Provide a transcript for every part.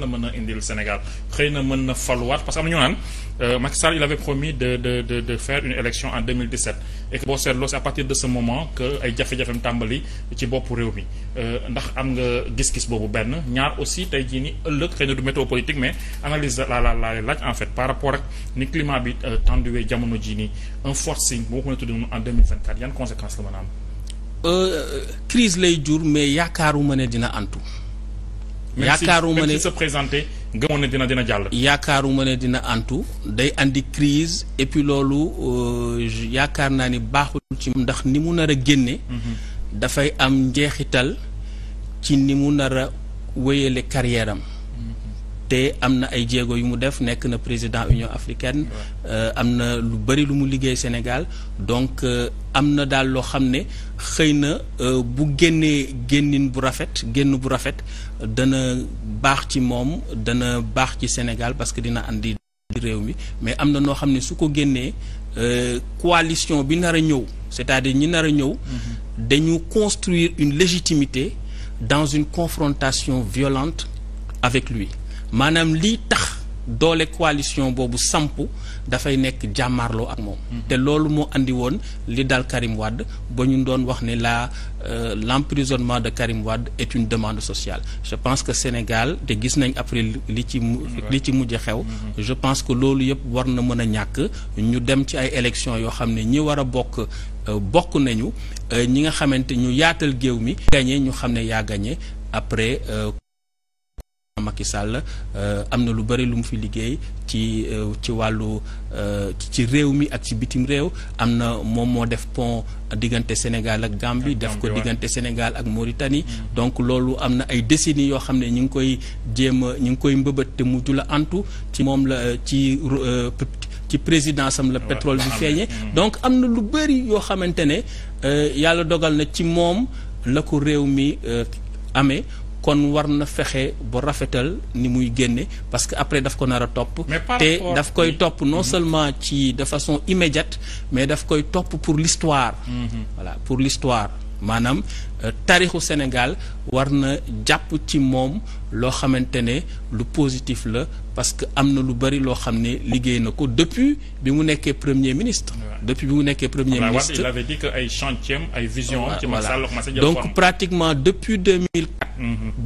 la mën a indil Sénégal xëy na mën na faluwaat parce que am na ñu naan euh, Macky Sall il avait promis de de de de une élection en 2017 et que boo seetloo à partir de ce moment que ay jafe-jafem tàmbali ci boppu réew mi euh, ndax am nga gis-gis boobu benn ñaar aussi tey jii ni ëllëg xëy na du météo politique mais analyse la la la laaj en fait par rapport ak ni climat bi euh, tenduwee jamono jii nii un forcing boo ko mën a tudd en yan conséquences la mën yaakaaruma ne se présenter gëmoon ne dina dina jàll. yaakaaruma ne dina antu day indi crise et puis loolu euh, yaakaar naa ni baaxul ci ndax ni mu nar a génne. Mhm. dafay am njeexital ci ni mu nar a wéyale carrière te am na ay jéego yu mu def nekk na président Union africaine euh, am na lu bëri lu mu liggéey Sénégal donc euh, am na daal loo xam ne xëy na euh, bu génnee génnin bu rafet génn bu rafet dana baax ci moom dana baax ci Sénégal parce que dina andi réew mi mais am na noo xam ne su ko génnee coalition bi nar a ñëw c'est-à-dire ñi nar a ñëw mm-hmm. dañu construire une légitimité dans une confrontation violente avec lui maanaam lii tax doole coalition boobu sampu dafay nekk jàmmaarloo ak moom. Mhm. te loolu moo indi woon li daal Karim Wade ba ñu doon wax ne la euh, l'emprisonnement de Karim Wade est une demande sociale je pense que Sénégal te gis nañ après li ci li ci mujj xew. Mhm. je pense que loolu yëpp war na mën a ñàkk ñu dem ci ay élections yoo xam ne ñi war a bokk. Euh, bokk nañu euh, ñi nga xamante ñu yaatal géew mi. ñu xam ne yaa gagné après Macky Sall euh, am na lu bëri lu mu fi liggéey ci euh, ci wàllu euh, ci réew mi ak ci bitim réew am na moom moo def pont diggante Sénégal ak Gambie def ko diggante Sénégal ak Mauritanie mm. donc loolu am na ay décennies yoo xam ne ñu ngi koy jéem a ñu ngi koy mbëbët te mujj la antu ci moom la ci ci présidence am la pétrole bi feeñe mm. donc am na lu bëri yoo xamante ne yàlla dogal na ci moom la ko réew mi amee kon war na fexe ba rafetal ni muy génne parce que après daf ko nar a topp te daf koy topp non mhm. seulement ci de façon immédiate mais daf koy topp pour l'histoire mhm. voilà pour l'histoire maanaam euh, taarixu Sénégal war na jàpp ci moom loo xamante ne lu positif la parce que am na lu bari loo xam ne liggéey na ko depuis bi mu nekkee premier ministre. depuis bi mu nekkee premier ministre. il avait dit que ay chantier ay vision. ci donc pratiquement depuis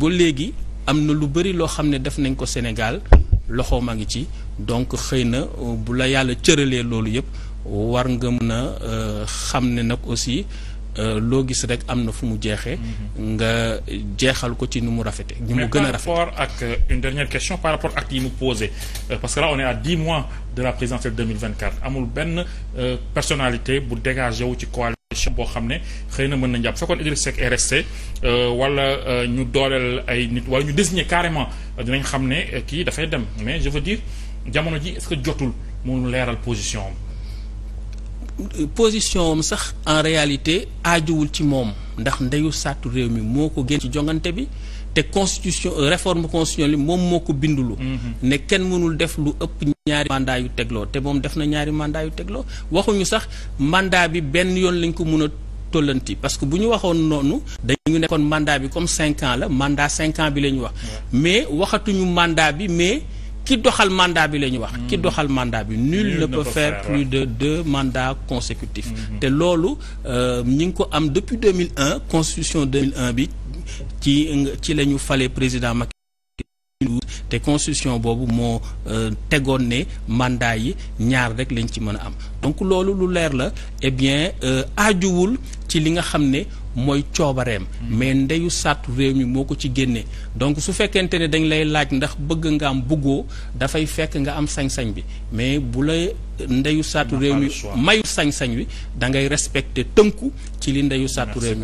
ba léegi am na lu bëri loo xam ne def nañ ko Sénégal loxo maa ngi ci donc xëy na euh, bu la yàlla cëralee loolu yëpp war nga mën a euh, xam ne nag aussi euh, loo gis rek am na fu mu jeexee. Mm-hmm. nga jeexal ko ci nu mu rafete ñu mu gën a rafet ak une dernière question par rapport ak yi mu posé parce que là on est à dix mois de la présidentielle 2024 amul benn personnalité bu dégagé wu ci coalition coalition boo xam ne xëy na mën na jàpp fekkoon Idriss Seck est resté euh, wala euh, ñu dooleel ay nit wala ñu désigner carrément dinañ xam ne euh, kii dafay dem mais je veux dire jamono ji est-ce que jotul mu leeral position position am sax en réalité aajuwul ci moom ndax ndeyu sàttu réew mi moo ko génn ci jongante bi te constitution euh, réforme li moom moo ko bindulu mhm. ne kenn mënul def lu ëpp ñaari mandat yu tegloo te moom def na ñaari mandat yu tegloo waxuñu sax mandat bi benn yoon lañ ko mën a tollanti parce que bu ñu waxoon noonu dañu nekkoon mandat bi comme cinq ans la mandat cinq ans bi lañu wax mais waxatuñu mandat bi mais ki doxal mandat bi la ñu wax. ki hmm. doxal mandat bi nul ne peut faire plus de deux mandats consécutifs. Hmm. te loolu euh, ñi ngi ko am depuis 2001 constitution 2001 bi ci ci la ñu fale président Macky te constitution boobu moo euh, tegoon ne mandat yi ñaar rek lañ ci mën a am donc loolu lu leer la eh bien aajuwul euh, ci li nga xam ne mooy coobareem mais ndeyu sàttu réew mi moo ko ci génnee donc su fekkente ne dañ lay laaj ndax bëgg nga am bëggoo dafay fekk nga am sañ-sañ bi mais bu la ndeyu sàttu réew mi mayu sañ-sañ wi da ngay respecter tënku ci li ndeyu sàttu réew mi